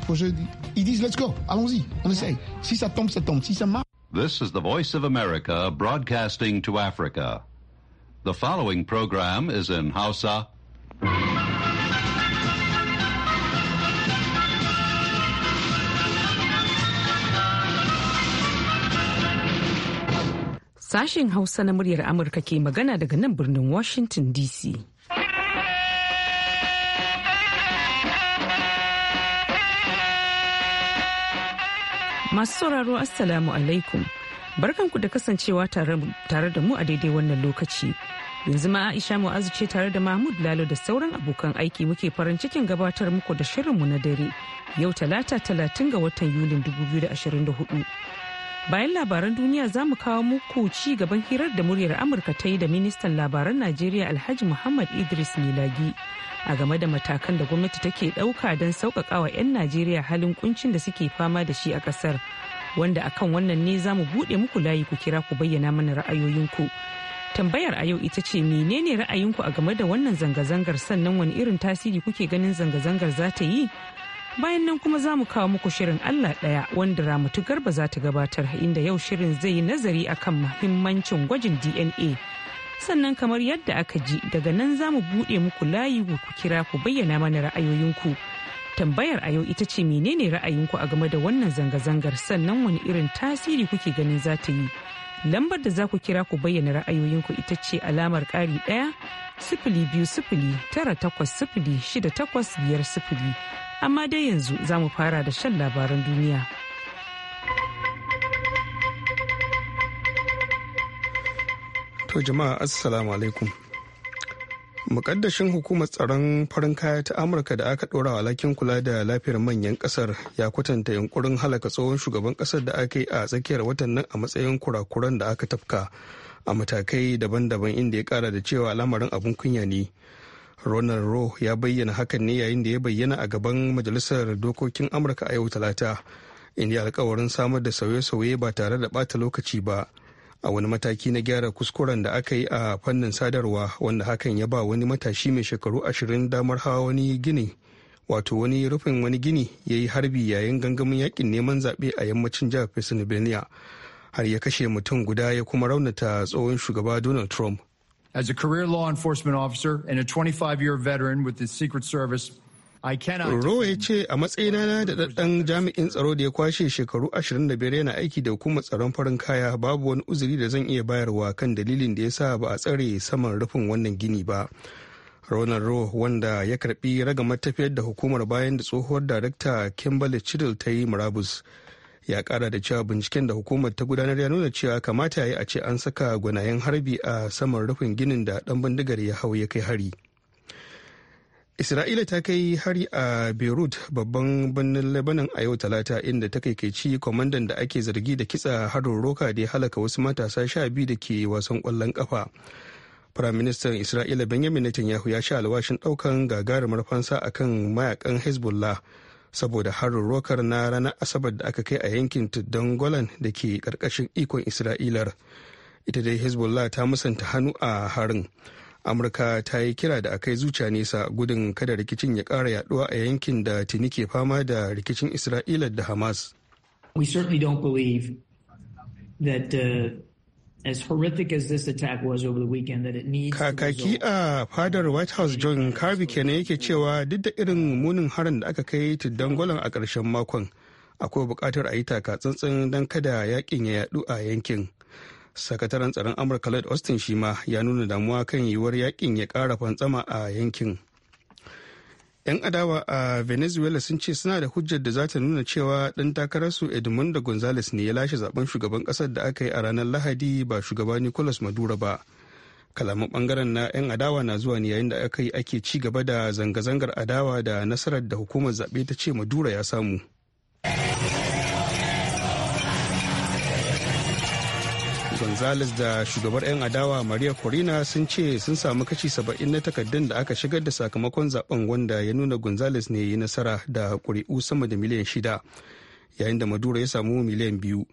projet, ils disent let's go, allons-y, on essaye. Si ça tombe, ça tombe. Si ça marche. This is the Voice of America broadcasting to Africa. The following program is in Hausa. Sashen Hausa na muryar Amurka ke magana daga nan birnin Washington DC. Masu sauraro Assalamu alaikum. Barkanku da kasancewa tare da mu a daidai wannan lokaci. Yanzu ma Aisha Mu'azu ce tare da Mahmud Lalo da sauran abokan aiki muke farin cikin gabatar muku da shirinmu na dare yau talata talatin ga watan Yulin 2024. Bayan labaran duniya za mu kawo muku ci gaban hirar da muryar Amurka ta yi da ministan labaran Najeriya Alhaji Muhammad Idris Milagi. a game da matakan da gwamnati take ɗauka don sauƙaƙawa 'yan Najeriya halin kuncin da suke fama da shi a ƙasar. Wanda akan wannan ne zamu mu buɗe muku layi ku kira ku bayyana mana ra'ayoyinku. Tambayar a yau ita ce menene ra'ayinku a game da wannan zanga-zangar sannan wani irin tasiri kuke ganin zanga-zangar za ta yi? Bayan nan kuma za mu kawo muku shirin Allah ɗaya wanda Ramatu Garba za ta gabatar inda yau shirin zai yi nazari akan mahimmancin gwajin DNA. sannan kamar yadda aka ji daga nan za mu buɗe muku layi ku kira ku bayyana mana ra'ayoyinku tambayar a yau ita ce menene ra'ayinku a game da wannan zanga-zangar sannan wani irin tasiri kuke ganin za ta yi lambar da za ku kira ku bayyana ra'ayoyinku ita ce alamar ƙari ɗaya sifili biyu sifili tara takwas sifili shida takwas biyar sifili amma dai yanzu za mu fara da shan labaran duniya. To jama'a assalamu alaikum. Mukaddashin hukumar tsaron farin kaya ta Amurka da aka ɗora lakin kula da lafiyar manyan ƙasar ya kwatanta yunkurin halaka tsohon shugaban ƙasar da aka yi a tsakiyar watan nan a matsayin kurakuran da aka tafka a matakai daban-daban inda ya ƙara da cewa lamarin abun kunya ne. Ronald ro ya bayyana hakan ne yayin da ya bayyana a gaban Majalisar Dokokin Amurka a yau Talata, inda alkawarin samar da sauye-sauye ba tare da ɓata lokaci ba. a wani mataki na gyara kuskuren da aka yi a fannin sadarwa wanda hakan ya ba wani matashi mai shekaru ashirin damar hawa wani gini wato wani rufin wani gini ya yi harbi yayin gangamin yakin neman zaɓe a yammacin jihar pennsylvania har ya kashe mutum guda ya kuma raunata tsohon shugaba donald trump As a career law enforcement officer and a 25 year veteran with the Secret Service, ro ya ce a matsayin na da daɗan jami'in tsaro da ya kwashe shekaru 25 yana aiki da hukumar tsaron farin kaya babu wani uzuri da zan iya bayarwa kan dalilin da ya sa ba a tsare saman rufin wannan gini ba. Ronald ro wanda ya karbi ragamar tafiyar da hukumar bayan da tsohuwar darakta Kimberly Chidil ta yi murabus. Ya kara da cewa binciken da hukumar ta gudanar ya nuna cewa kamata ya yi a ce an saka gwanayen harbi a saman rufin ginin da ɗan bindigar ya hau ya kai hari. isra'ila ta kai hari a beirut babban birnin lebanon a yau talata inda ta kaikaici kwamandan da ake zargi da kitsa harin roka da ya halaka wasu matasa sha biyu da ke wasan kwallon kafa firaministan isra'ila benjamin netanyahu ya sha alwashin daukan gagarumar fansa akan mayakan hezbollah saboda harin rokar na ranar asabar da aka kai a yankin tuddan golan da ke karkashin ikon isra'ilar ita dai hezbollah ta musanta hannu a harin amurka ta yi kira da akai zuciya nesa gudun kada rikicin ya kara yaduwa a yankin da tuni ke fama da rikicin isra'ila da hamas we certainly don't believe kakaki a fadar white house john kirby kenan yake cewa duk da irin munin harin da aka kai tuddan a karshen makon akwai buƙatar a yi taka tsantsan don kada yakin ya yadu a yankin sakataren tsaron amurka lloyd austin shi ma ya nuna damuwa kan yiwuwar yakin ya kara fantsama a yankin yan adawa a venezuela sun ce suna da hujjar da za ta nuna cewa dan takararsu edmundo gonzales ne ya lashe zaben shugaban kasar da aka yi a ranar lahadi ba shugaba nicolas madura ba kalaman bangaren na 'yan adawa na zuwa ne yayin da aka yi ake ci gaba da zanga-zangar adawa da nasarar da hukumar zaɓe ta ce madura ya samu gonzales da shugabar 'yan adawa maria corina sun ce sun samu kashi 70 na takaddun da aka shigar da sakamakon zaben wanda ya nuna gonzales ne yi nasara da ƙuri'u sama da miliyan shida yayin da madura ya samu miliyan biyu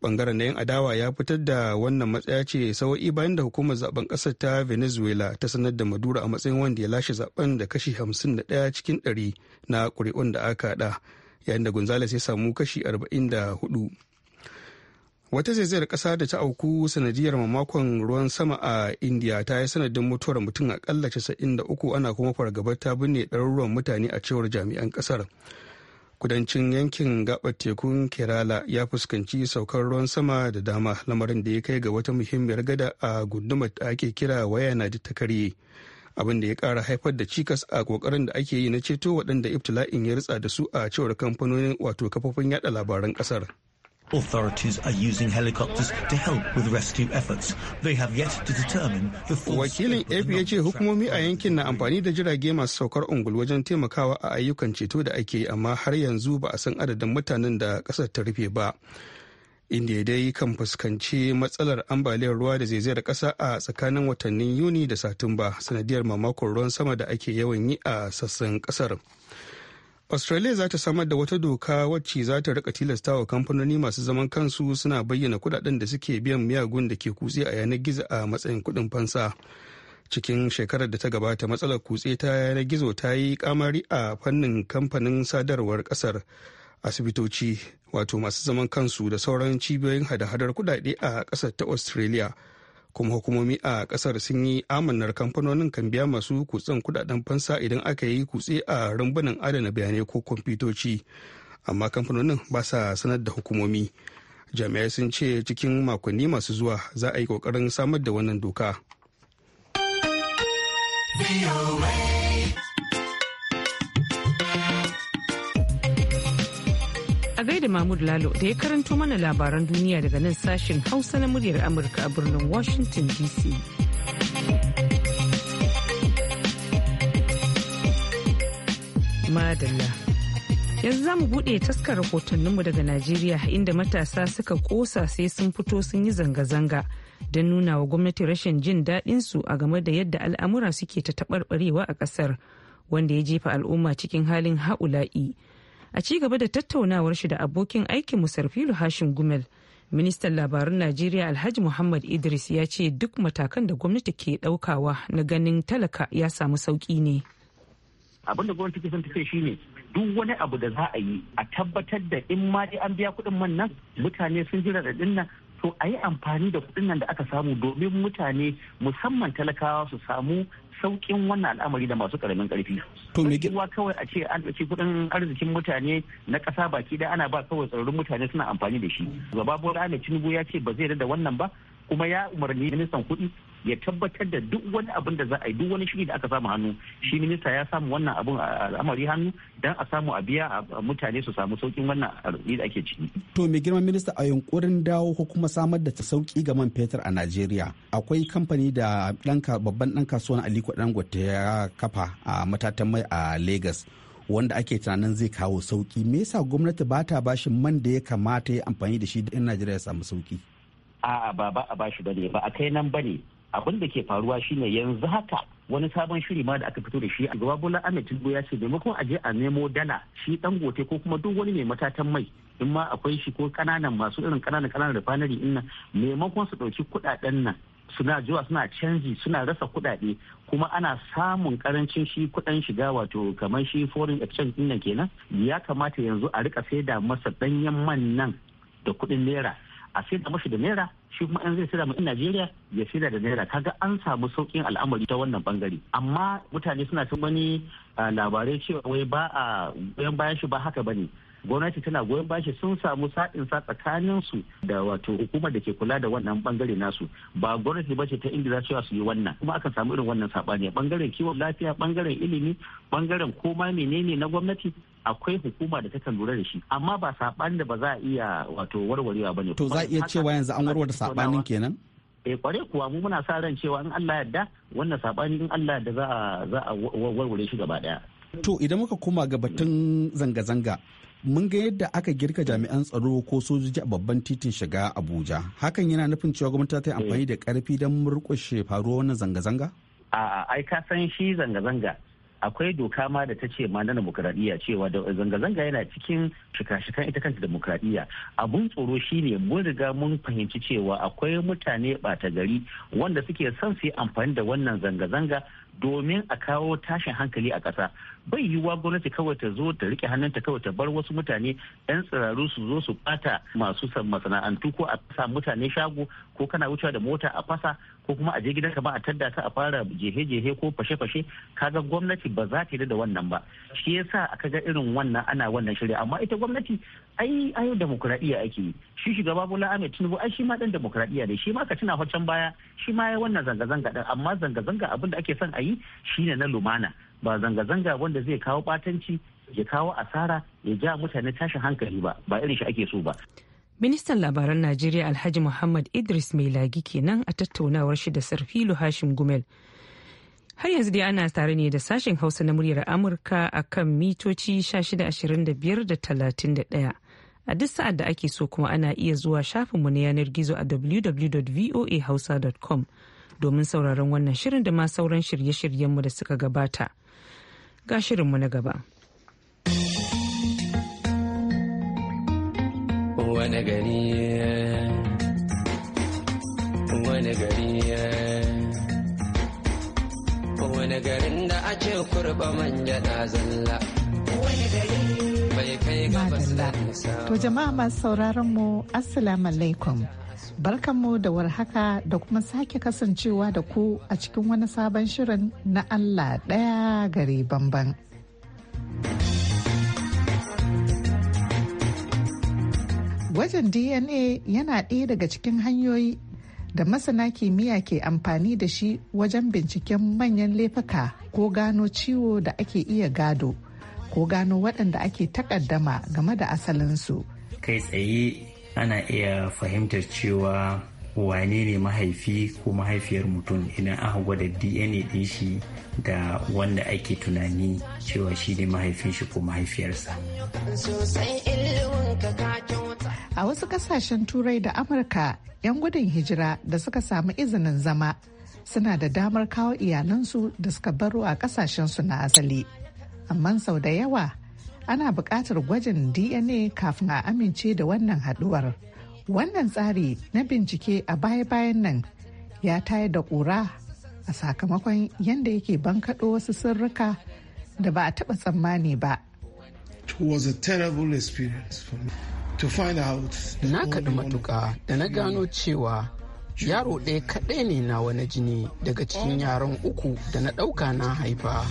bangaren na 'yan adawa ya fitar da wannan matsaya ce sawa'i bayan da hukumar zaben kasar ta venezuela ta sanar da madura a matsayin wanda ya lashe zaben da kashi 51 cikin 100 na ƙuri'un da aka haɗa yayin da gonzales ya samu kashi 44 wata zaizayar kasa da ta auku sanadiyar mamakon ruwan sama a india ta yi sanadin mutuwar mutum akalla 93 ana kuma fargabar ta binne ɗaruruwan mutane a cewar jami'an kasar kudancin yankin gabar tekun kerala ya fuskanci saukar ruwan sama da dama lamarin da ya kai ga wata muhimmiyar gada a gundumar da ake kira waya na ta karye abin da ya kara haifar da cikas a kokarin da ake yi na ceto waɗanda ibtila'in ya ritsa da su a cewar kamfanonin wato kafofin yada labaran ƙasar. Authorities are using helicopters to help with rescue efforts. They have yet to determine the full Wakilin AFP ya ce hukumomi a yankin na amfani da jirage masu saukar ungul wajen taimakawa a ayyukan ceto da ake yi amma har yanzu ba a san adadin mutanen da kasar ta rufe ba. Inda dai kan fuskanci matsalar ambaliyar ruwa da zaizayar kasa a tsakanin watannin Yuni da Satumba sanadiyar mamakon ruwan sama da ake yawan yi a sassan kasar. australia za ta samar da wata doka wacce za ta rika tilasta wa kamfanoni masu zaman kansu suna bayyana kudaden da suke biyan miyagun da ke kutse a yanar gizo a matsayin kudin fansa cikin shekarar da ta gabata matsalar kutse ta yanar gizo ta yi kamari a fannin kamfanin sadarwar kasar asibitoci wato masu zaman kansu da sauran cibiyoyin hada-hadar kudade a kasar ta australia kuma hukumomi a kasar sun yi amannar kamfanonin kan biya masu kutsen kudaden fansa idan aka yi kutse a rumbunan adana bayanai ko kwamfutoci amma kamfanonin ba sa sanar da hukumomi jami'ai sun ce cikin makonni masu zuwa za a yi kokarin samar da wannan doka. da Mahmud Lalo da ya karanto mana labaran duniya daga nan sashen Hausa na muryar Amurka a birnin Washington DC. Madalla. Yanzu za mu buɗe taskar rahotanninmu daga Najeriya inda matasa suka ƙosa sai sun fito sun yi zanga-zanga don nuna wa gwamnati rashin jin daɗinsu a game da yadda al'amura suke ta taɓarɓarewa a ƙasar wanda ya jefa al'umma cikin halin ha'ula'i. a ci gaba da tattaunawar shi da abokin aikin musarfilu hashin gumel ministan labarun najeriya alhaji muhammad idris ya ce duk matakan da gwamnati ke daukawa na ganin talaka ya samu sauki ne abin da gwamnati ke son ta ce shine duk wani abu da za a yi a tabbatar da in ma dai an biya kuɗin man nan mutane sun jira da nan to a yi amfani da kuɗin nan da aka samu domin mutane musamman talakawa su samu sauƙin wannan al'amari da masu ƙaramin ƙarfi. To me gina kawai a ce an ɗauki kuɗin arzikin mutane na ƙasa baki da ana ba kawai tsararrun mutane suna amfani da shi. Gaba Bola Ahmed Tinubu ya ce ba zai da wannan ba kuma ya umarni ministan kuɗi ya tabbatar da duk wani abin da za a yi duk wani shiri da aka samu hannu shi minista ya samu wannan abin al'amari hannu dan a samu a biya mutane su samu saukin wannan arziki da ake ciki. To mai girman minista a yunkurin dawo ko kuma samar da ta sauki ga man fetur a Najeriya akwai kamfani da babban dan kasuwan Aliko Dangote ya kafa a matatan mai a Legas wanda ake tunanin zai kawo sauki me yasa gwamnati ba ta bashi man da ya kamata ya amfani da shi da 'yan najeriya ya samu sauki a'a ba ba a bashi bane ba a kai nan bane abin da ke faruwa shine yanzu haka wani sabon shiri ma da aka fito da shi a gaba bola ahmed tinubu ya ce maimakon a je a nemo dala shi gote ko kuma duk wani mai matatan mai in ma akwai shi ko kananan masu irin kananan kananan refinery din nan maimakon su dauki kudaden nan suna zuwa suna canji suna rasa kudade kuma ana samun karancin shi kudin shiga wato kamar shi foreign exchange din nan kenan ya kamata yanzu a rika saida masa danyen man nan da kudin naira a saida mashi da naira shi kuma in zai saida mu in Najeriya ya saida da naira kaga an samu saukin al'amari ta wannan bangare amma mutane suna cin wani ah, labarai cewa wai ba a bayan bayan shi ba haka bane gwamnati tana goyon bashi sun samu sa'in sa tsakanin su da wato hukumar da ke kula da wannan bangare nasu ba gwamnati ba ce ta inda za su yi wannan kuma akan samu irin wannan sabani a bangaren kiwon lafiya bangaren ilimi bangaren koma menene na gwamnati akwai hukuma da takan lura da shi amma ba sabanin da ba za a iya wato warwarewa bane to za a iya cewa yanzu an warware sabanin kenan eh kware kuwa mu muna sa ran cewa in Allah ya yarda wannan sabani in Allah yarda za a za a warware shi gaba daya To idan muka koma ga batun zanga-zanga mun ga yadda aka girka jami'an tsaro ko sojoji a babban titin shiga Abuja. Hakan yana nufin cewa gwamnati ta yi amfani da karfi don murƙushe faruwar wannan zanga-zanga? A'a, ai ka san shi zanga-zanga akwai doka ma da ta ce ma na demokradiyya cewa da zanga-zanga yana cikin shika-shikan ita kanta demokradiyya abun tsoro shine mun riga mun fahimci cewa akwai mutane bata gari wanda suke son su yi amfani da wannan zanga-zanga domin a kawo tashin hankali a ƙasa bai yiwuwa gwamnati kawai ta zo ta rike hannunta kawai ta bar wasu mutane yan tsiraru su zo su bata masu masana'antu ko a fasa mutane shago ko kana wucewa da mota a fasa ko kuma a je gidanka ba a tadda ta a fara jehe-jehe ko fashe-fashe ka ga gwamnati ba za ta yi da wannan ba shi yasa aka ga irin wannan ana wannan shirya amma ita gwamnati ai ai demokradiya ake yi shi shugaba Bola Ahmed Tinubu ai shi ma dan demokradiya ne shi ma ka tuna can baya shi ma ya wannan zanga-zanga din amma zanga-zanga abin da ake son a yi shi ne na lumana ba zanga-zanga wanda zai kawo batanci ya kawo asara ya ja mutane tashin hankali ba ba irin shi ake so ba Ministan labaran Najeriya Alhaji Muhammad Idris mai lagi kenan a tattaunawar shi da Sarfilu Hashim Gumel. Har yanzu dai ana tare ne da sashen Hausa na muryar Amurka a kan mitoci 1625 31. A duk sa'ad da ake so kuma ana iya zuwa shafinmu na yanar gizo a www.voahausa.com domin sauraron wannan shirin da ma sauran shirye-shiryenmu da suka gabata. Ga shirinmu na gaba. wani gari wani gari wani garin da ake kurba manya na zalla wani gari bai kai gabas da nisa to jama'a masu sauraron mu assalamu alaikum Barkanmu da warhaka da kuma sake kasancewa da ku a cikin wani sabon shirin na Allah ɗaya gari bamban. Gwajin DNA yana ɗaya daga cikin hanyoyi da masana kimiyya ke amfani da shi wajen binciken manyan laifuka ko gano ciwo da ake iya gado ko gano waɗanda ake takaddama game da asalinsu. Kai tsaye ana iya fahimtar cewa wane ne mahaifi ko mahaifiyar mutum idan aka gwada DNA ɗin shi da wanda ake tunani cewa shi ne mahaifin shi ko mahaifiyarsa. A wasu kasashen turai da Amurka 'yan gudun hijira da suka samu izinin zama suna da damar kawo iyalansu da suka baro a kasashensu na asali. Amma sau da yawa ana buƙatar gwajin DNA kafin a amince da wannan haɗuwar. Wannan tsari na bincike a baya-bayan nan ya tayar da ƙura a sakamakon yadda yake bankaɗo wasu sirrika da ba a taɓa tsammani ba. Na kaɗi matuƙa da na gano cewa yaro ɗaya kaɗai ne na wani jini daga cikin yaran uku da na ɗauka na haifa.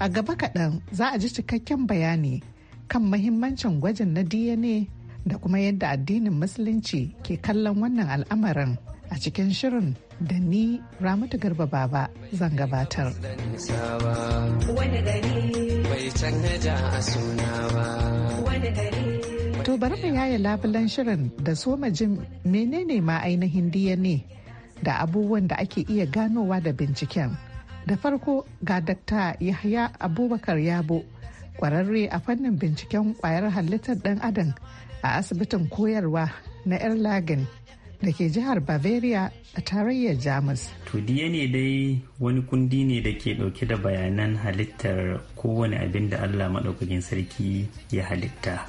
A gaba kaɗan za a ji cikakken bayani kan mahimmancin gwajin na DNA da kuma yadda addinin musulunci ke kallon wannan al'amarin a cikin shirin da ni ramatu garba baba zan gabatar. To bari mu yaya labulan shirin da soma jin menene ma ainihin diya ne da abubuwan da ake iya ganowa da binciken. Da farko ga Dakta Yahya Abubakar Yabo kwararre a fannin binciken kwayar halittar ɗan adam a asibitin koyarwa na erlagen da ke jihar bavaria a tarayyar jamus to ne dai wani kundi ne da ke dauke da bayanan halittar kowane abin da allah maɗaukakin sarki ya halitta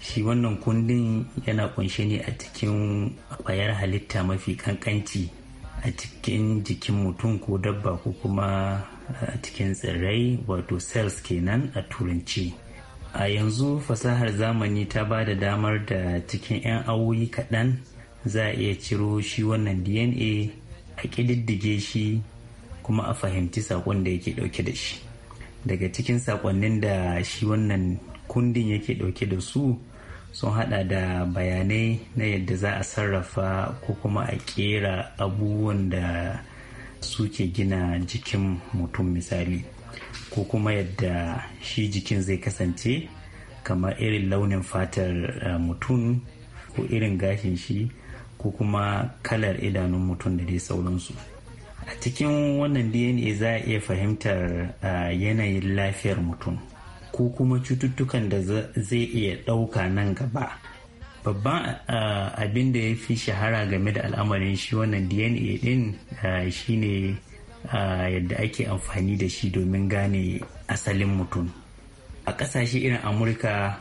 shi wannan kundin yana kunshe ne a cikin kwayar halitta mafi kankanci a cikin jikin mutum ko dabba ko kuma a cikin tsirrai wato cells kenan a turanci a yanzu fasahar zamani ta ba da damar da cikin 'yan awoyi kaɗan za a iya ciro shi wannan dna a ƙididdige shi kuma a fahimci saƙon da yake ɗauke da shi daga cikin saƙonnin da shi wannan kundin yake ɗauke da su sun hada da bayanai na yadda za a sarrafa ko kuma a ƙera abubuwan da suke gina jikin mutum misali ko kuma yadda shi jikin zai kasance kamar irin launin fatar eh, mutum ko irin gashin shi ko kuma kalar idanun mutum da dai sauransu a cikin wannan dna za a iya fahimtar eh, yanayin lafiyar mutum ko kuma cututtukan da zai iya ɗauka nan gaba babban eh, abin da ya fi shahara game da al'amarin shi wannan dna din shine yadda ake amfani da shi domin gane asalin mutum a ƙasashe irin amurka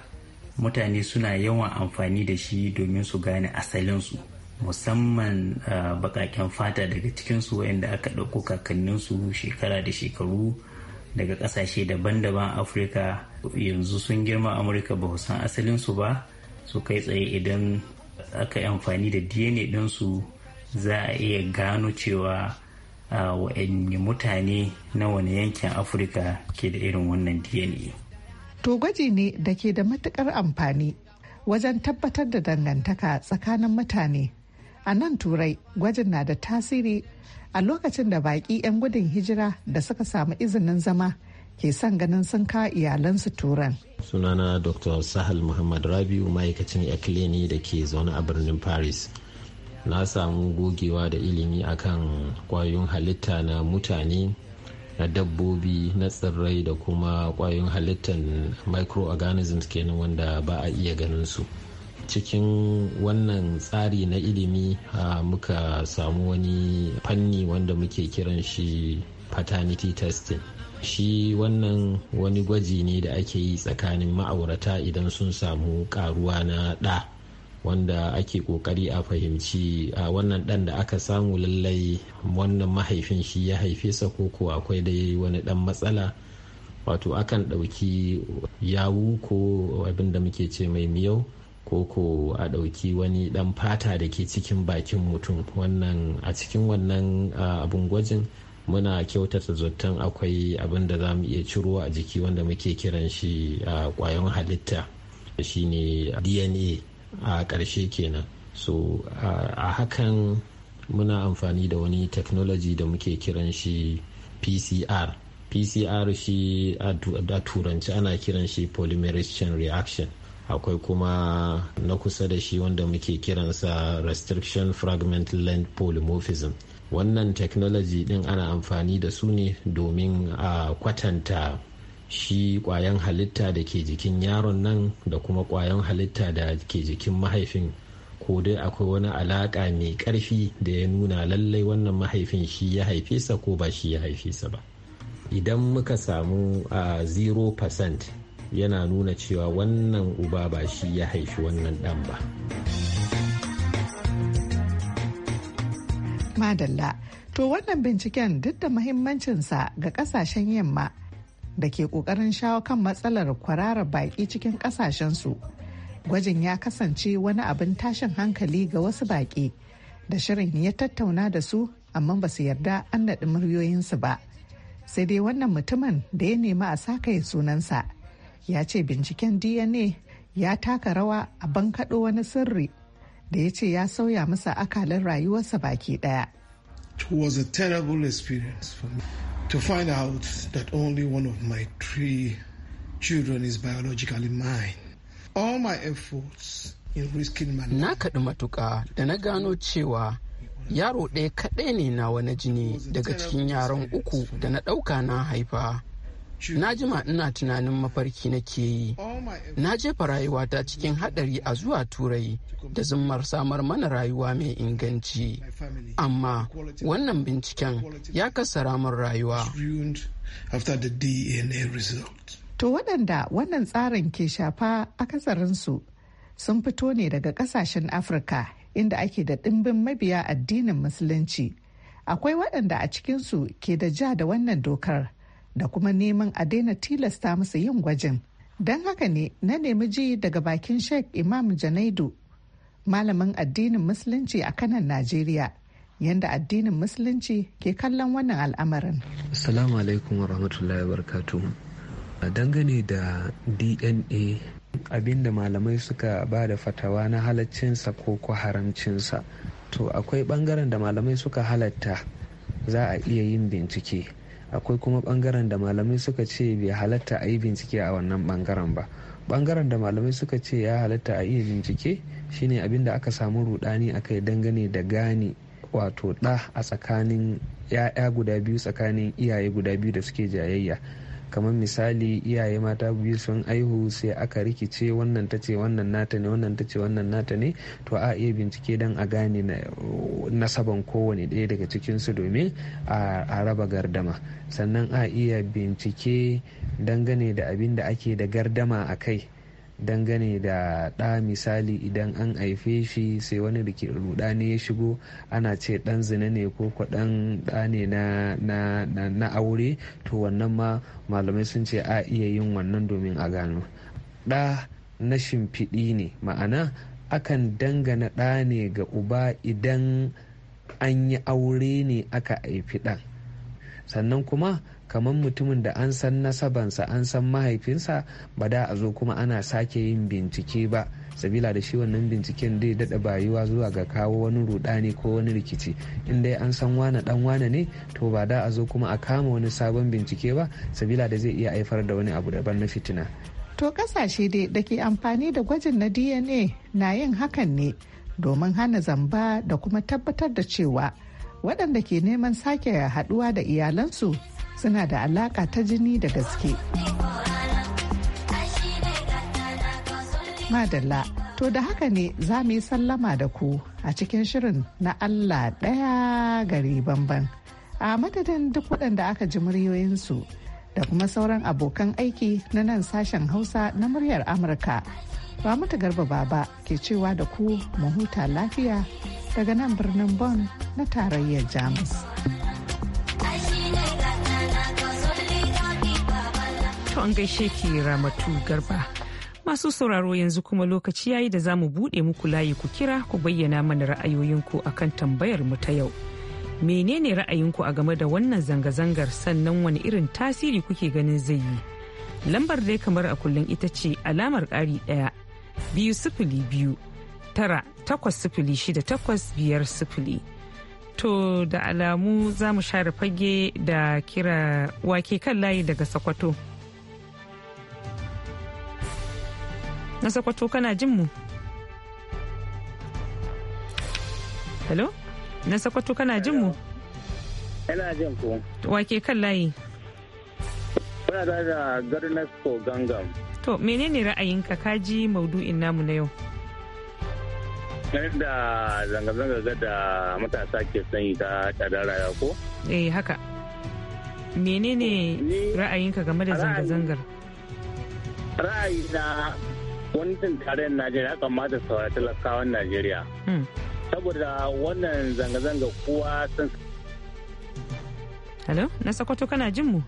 mutane suna yawan amfani da shi domin su gane asalinsu musamman baƙaƙen fata daga cikinsu waɗanda aka ɗauko kakanninsu shekara da shekaru daga ƙasashe daban-daban afirka yanzu sun girma amurka ba san asalinsu ba su kai tsaye idan aka yi amfani da dna ɗinsu za a iya gano cewa a wa'anne mutane na wani yankin afirka ke da irin wannan dna to gwaji ne da ke da matukar amfani wajen tabbatar da dangantaka tsakanin mutane a nan turai gwajin na da tasiri a lokacin da baƙi 'yan gudun hijira da suka samu izinin zama ke son ganin sun kawo iyalansu turan. sunana dr sahal muhammad rabiu ma'aikacin ne da ke zaune a birnin paris na samu gogewa da ilimi akan kwayoyin halitta na mutane na dabbobi na tsirrai da kuma kwayoyin halittar microorganisms kenan wanda ba a iya ganin su cikin wannan tsari na ilimi muka samu wani fanni wanda muke kiran shi paternity testing shi wannan wani gwaji ne da ake yi tsakanin ma'aurata idan sun samu karuwa na ɗa wanda ake kokari a fahimci a wannan dan da aka samu lallai wannan mahaifin shi ya haife sa ko ko akwai dai wani dan matsala wato akan ɗauki yawu ko abin da muke ce mai miyau ko ko a ɗauki wani ɗan fata da ke cikin bakin mutum wannan a cikin wannan abin gwajin muna kyautata zaton akwai abin da za mu iya ciro a jiki wanda muke kiran shi a kwayon halitta shine dna a ƙarshe kenan so a hakan muna amfani da wani technology da muke kiran shi pcr pcr shi a turanci ana kiran shi polymerase chain reaction akwai kuma na kusa da shi wanda muke kiransa restriction fragment length polymorphism wannan technology din ana amfani da su ne domin a kwatanta shi kwayan halitta da ke jikin yaron nan da kuma kwayan halitta da ke jikin mahaifin ko dai akwai wani alaƙa mai ƙarfi da ya nuna lallai wannan mahaifin shi ya haife sa ko ba shi ya haife sa ba idan muka samu a 0% yana nuna cewa wannan uba ba shi ya haifi wannan dan ba madalla to wannan binciken duk da mahimmancinsa ga kasashen yamma da ke kokarin shawo kan matsalar kwarara baƙi cikin ƙasashensu. Gwajin ya kasance wani abin tashin hankali ga wasu baƙi da shirin ya tattauna da su amma ba su yarda an naɗi muryoyinsu ba. Sai dai wannan mutumin da ya nemi a saka sunansa ya ce binciken DNA ya taka rawa a bankaɗo wani sirri da ya ce ya sauya masa akalin rayuwarsa baki ɗaya. It was a to find out that only one of my three children is biologically mine. All my efforts in risking my life. Na kaɗi matuƙa da na gano cewa yaro ɗaya kaɗai ne na wani jini daga cikin yaran uku da na ɗauka na haifa. na jima ina tunanin mafarki nake yi na jefa rayuwata cikin haɗari a zuwa turai da zimmar samar mana rayuwa mai inganci amma wannan binciken ya kassara ramar rayuwa to waɗanda wannan tsarin ke shafa a kasarinsu sun fito ne daga ƙasashen afirka inda ake da ɗimbin mabiya addinin musulunci akwai waɗanda a cikinsu ke da ja da wannan dokar da kuma neman a daina tilasta masa yin gwajin don haka ne na nemi ji daga bakin sheikh imam janaidu malamin addinin musulunci a kanan najeriya yadda addinin musulunci ke kallon wannan al'amarin assalamu alaikum wa rahmatullahi wa a dangane da dna abinda malamai suka ba da fatawa na halaccinsa ko ko haramcinsa to akwai bangaren da malamai suka halatta za a iya yin bincike akwai kuma bangaren da malamai suka ce bai halatta a yi bincike a wannan bangaren ba bangaren da malamai suka ce ya halatta a iya bincike shine abin da aka samu rudani a kai dangane da gani wato ɗa a tsakanin 'ya'ya guda biyu tsakanin iyaye guda biyu da suke jayayya kamar misali iyaye mata biyu sun aihu sai aka rikice wannan ta ce wannan nata ne wannan ta ce wannan nata ne to a iya bincike don a gane nasaban kowane ɗaya daga cikinsu domin a raba gardama sannan a iya bincike dangane da abin da ake da gardama a kai dangane da ɗa misali idan an haife shi sai wani da ke ne ya shigo ana ce ɗan zina ne ko kwaɗan ɗa ne na aure to wannan ma malamai sun ce a iya yin wannan domin a gano ɗa na shimfiɗi ne ma'ana akan dangana ɗa ne ga uba idan an yi aure ne aka aifi ɗan sannan kuma kamar mutumin da an san nasabansa an san mahaifinsa ba da a zo kuma ana sake yin bincike ba sabila da shi wannan binciken dai daɗa bayuwa zuwa ga kawo wani rudani ko wani rikici in dai an san wane dan wane ne to ba da a zo kuma a kama wani sabon bincike ba sabila da zai iya haifar da wani abu daban na fitina to kasashe dai da ke amfani da gwajin na dna na yin hakan ne domin hana zamba da kuma tabbatar da cewa waɗanda ke neman sake haɗuwa da iyalansu suna da alaka ta jini da gaske. Madalla, to da haka ne za mu yi sallama da ku a cikin shirin na Allah ɗaya gari banban. A madadin duk waɗanda aka ji muryoyinsu da kuma sauran abokan aiki na nan sashen Hausa na muryar Amurka. Ba mutu garba baba ke cewa da ku mu huta lafiya daga nan birnin Bonn na tarayyar Jamus. an gaishe ki ramatu garba. Masu sauraro yanzu kuma lokaci yayi da zamu mu buɗe muku layi ku kira ku bayyana mana ra'ayoyinku akan tambayar mu ta yau. Menene ra'ayinku a game da wannan zanga-zangar sannan wani irin tasiri kuke ganin zai yi? Lambar dai kamar a kullum ita ce alamar ƙari ɗaya biyu sifili biyu tara takwas sifili shida takwas biyar sifili. To da alamu za mu share fage da kira wake kan layi daga Sokoto. na sokoto kana jin mu hello na sokoto kana jin mu ina jin ku wake kan layi kuna da da ko gangam to menene ra'ayinka kaji maudu'in namu na yau da zanga-zanga da matasa ke sanyi ta tsadar raya ko? eh haka menene ra'ayinka game da zanga-zangar ra'ayi na gwamnatin tarayyar najeriya kamata saurari talakawan najeriya hmm. saboda wannan zanga-zanga kowa sun Hello, na Sokoto kana jin mu?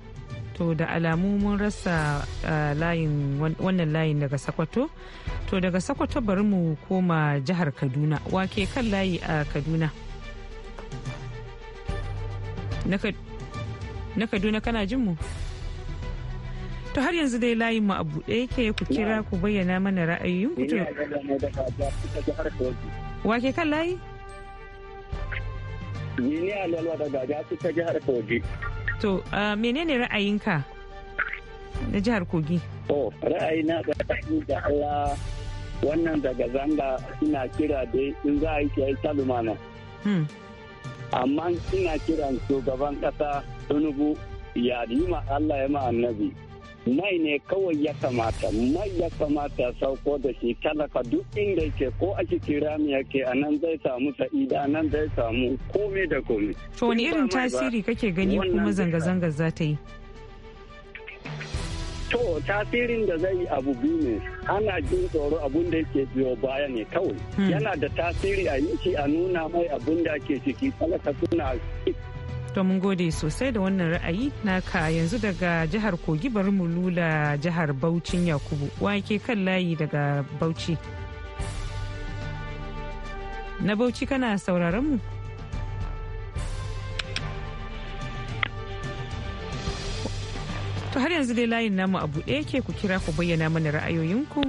To da alamu mun rasa uh, layin wannan layin daga Sokoto. To daga Sokoto bari mu koma jihar Kaduna. Wake kan layi a Kaduna. Na Kaduna kana jin mu? To har yanzu dai layin mu a buɗe yake ku kira ku bayyana mana ra'ayoyin ku to. Wake kan layi? Ni ne da gaja su ta jihar Kogi. To menene ra'ayinka na jihar Kogi? To na ga da Allah wannan daga zanga ina kira dai in za a yi kiyaye talumana. Hmm. Amma ina kiran shugaban kasa tunubu ya yi ma Allah ya ma annabi. mai ne kawai ya kamata mai ya kamata sauko da shi talaka duk inda yake ko a cikin rami yake a nan zai samu sa'ida a nan zai samu komai da komai. to wani irin tasiri kake gani kuma zanga-zangar za ta yi to tasirin da zai yi abu biyu ne ana jin tsoro abun da yake biyo baya ne kawai hmm. yana da tasiri a yi shi a nuna mai abun da ake ciki talaka suna to mun gode sosai da wannan ra'ayi naka yanzu daga jihar kogi bari mu lula jihar baucin yakubu wake kan layi daga bauchi na bauchi kana sauraron mu to har yanzu dai layin namu a buɗe yake ku kira ku bayyana mana ra'ayoyinku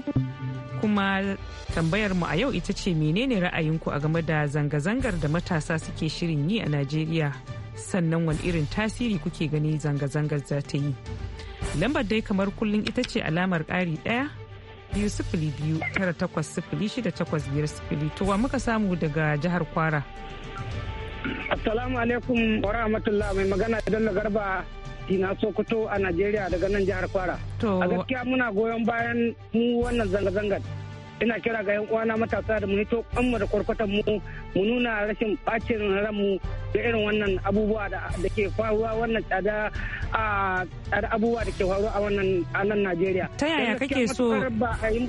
kuma tambayar mu a yau ita ce menene ra'ayinku a game da zanga-zangar da matasa suke shirin yi a najeriya sannan wani irin tasiri kuke gani zanga-zangar za ta yi lambar dai kamar kullum ita ce alamar ƙari ɗaya biyu sifili biyu tara takwas sifili shida takwas biyar sifili to wa muka samu daga jihar kwara assalamu alaikum wa rahmatullah mai magana da garba Dina Sokoto a Najeriya daga nan jihar Kwara. A gaskiya muna goyon bayan mu wannan zanga-zangar. ina kira ga 'yan uwana matasa da mu to kanmu da kwarkwatan mu mu nuna rashin bacin ranmu da irin wannan abubuwa da ke faruwa wannan tsada a tsada abubuwa da ke faruwa a wannan a nan Najeriya. Ta yaya kake so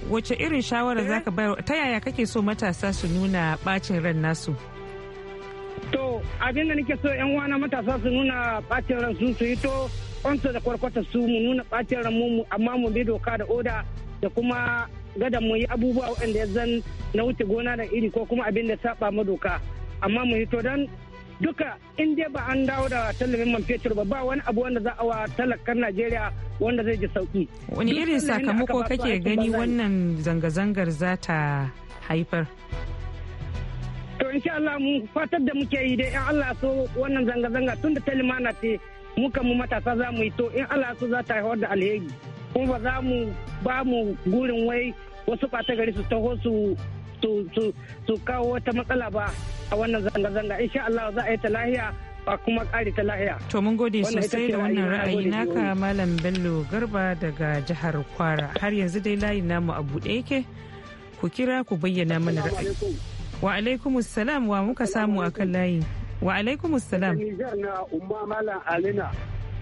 wace irin shawara eh? zaka bayar ta yaya kake so matasa su nuna bacin ran nasu? To abin da nake so 'yan uwana matasa su nuna bacin ran su su to kwanto da kwarkwata su mu nuna bacin ran mu amma mu bi doka da oda da kuma gada mu yi abubuwa waɗanda ya zan na wuce gona da iri ko kuma abin da saba mu doka amma mu yi to dan duka in dai ba an dawo da tallafin man fetur ba ba wani abu wanda za a wa talakar Najeriya wanda zai ji sauki. Wani irin sakamako kake gani wannan zanga-zangar za ta haifar? To insha Allah mu fatar da muke yi dai in Allah so wannan zanga-zanga tun da ta limana ce muka mu matasa za mu yi to in Allah so za ta haifar da alheri. kuma ba za mu ba mu gurin wai wasu ɓata gari su taho su su kawo wata matsala ba a wannan zanga-zanga insha Allah za a yi ta lahiya ba kuma ƙari ta lahiya. To mun gode sosai da wannan ra'ayi naka Malam Bello Garba daga jihar Kwara har yanzu dai layin namu a buɗe yake ku kira ku bayyana mana ra'ayi. Wa alaikumus salam wa muka samu akan layi. Wa alaikumus salam. Alina.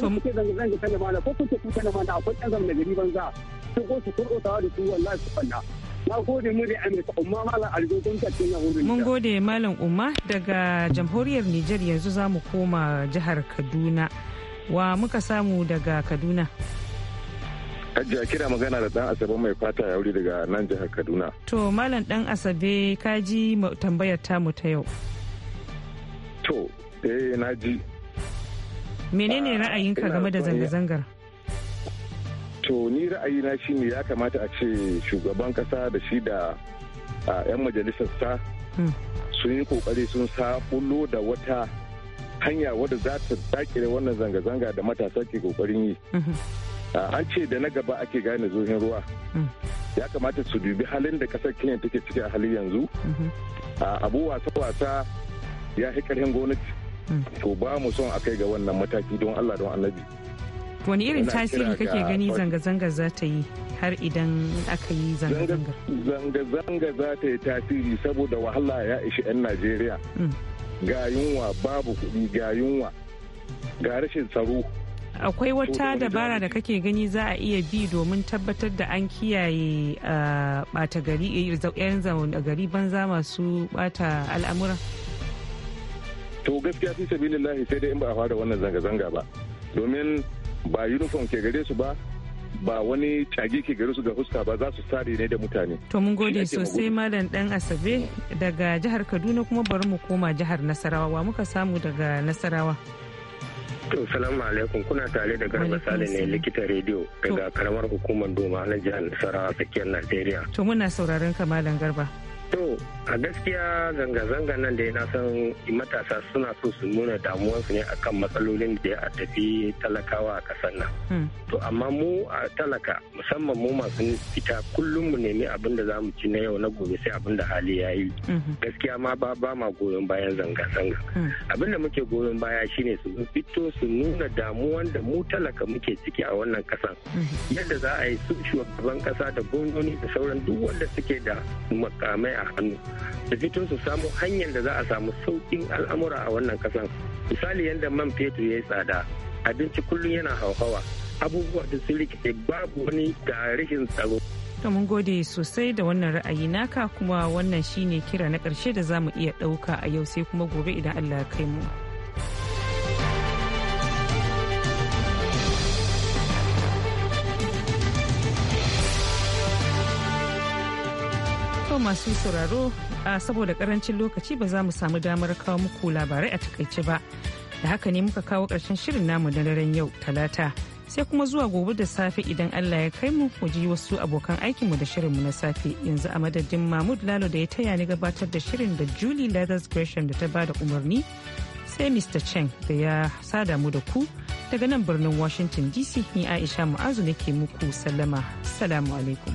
Ko kuke zanga-zanga ta lumana ko kuke kuka lumana akwai ɗan zama da gari banza. su ko su kurɗotawa da su wallahi su ɓanna. Na gode mu da Amurka umma malam Aljojon Kacin na wurin. Mun gode malam umma daga jamhuriyar Nijar yanzu za mu koma jihar Kaduna. Wa muka samu daga Kaduna? Hajji kira magana da ɗan Asabe mai fata ya wuri daga nan jihar Kaduna. To Malam dan Asabe kaji ji tambayar tamu ta yau. To eh na ji menene ra'ayinka game da zanga-zangar to ni ra'ayina ne ya kamata a ce shugaban kasa da shi da 'yan majalisarsa hmm. sun yi kokari sun sabullo da wata hanya wadda za ta dakile wannan zanga-zanga da matasa ke kokarin yi hmm. an ce da na gaba ake gane zuhin ruwa hmm. ya kamata su dubi halin da kasar kenya take ciki a halin yanzu abu wasa-wasa ya fi karhin gwamnati to ba mu son a kai ga wannan mataki don Allah don annabi wani irin tasiri kake gani zanga-zanga za ta yi har idan aka yi zanga-zanga zanga-zanga za ta yi tasiri saboda wahala ya ishi 'yan najeriya hmm. ga yunwa babu kuɗi ga yunwa ga rashin tsaro akwai wata dabara da kake gani za a iya bi domin tabbatar da an kiyaye bata ah, gari 'yan eh, zaune gari banza masu bata al'amura to gaskiya fi sabilillahi sai dai in ba a fara wannan zanga-zanga ba domin ba uniform ke gare su ba ba wani cagi ke gare su ga fuska ba za su sare ne da mutane. To mun gode sosai malam dan Asabe daga jihar Kaduna kuma bari mu koma jihar Nasarawa wa muka samu daga Nasarawa. To salamu alaikum kuna tare da Garba Sale ne likita rediyo daga karamar hukumar Doma na jihar Nasarawa tsakiyar Najeriya. To muna sauraron ka malam Garba. To a gaskiya zanga-zanga nan da na san matasa suna so su nuna damuwansu ne akan matsalolin da ya tafi talakawa a kasar nan. Hmm. To amma mu a talaka musamman mu masu fita kullum mu nemi abin da za mu ci na yau na gobe sai abin da hali ya yi. Hmm. Gaskiya ma ba ba ma goyon bayan zanga-zanga. Hmm. Abin da muke goyon baya shine su fito su nuna damuwan da mu talaka muke ciki a wannan kasan. Yadda za a yi su shugaban kasa da gungoni da sauran duk wanda suke da makamai a hannu su fito su samu hanyar da za a samu sauƙin al'amura a wannan kasan misali yadda man fetur ya yi tsada abinci kullum yana hauhawa abubuwa da su rikice babu wani da rashin tsaro To mun gode sosai da wannan ra'ayi naka kuma wannan shine kira na ƙarshe da za mu iya ɗauka a yau sai kuma gobe idan Allah ya kai mu. masu sauraro a saboda karancin lokaci ba za mu samu damar kawo muku labarai a takaice ba da haka ne muka kawo karshen shirin namu na daren yau talata sai kuma zuwa gobe da safe idan allah ya kai mu ku ji wasu abokan aikinmu da shirinmu na safe yanzu a madadin mahmud lalo da ya taya ni gabatar da shirin da julie leathers gresham da ta ba da umarni sai mr cheng da ya sada mu da ku daga nan birnin washington dc ni aisha mu'azu nake muku sallama salamu alaikum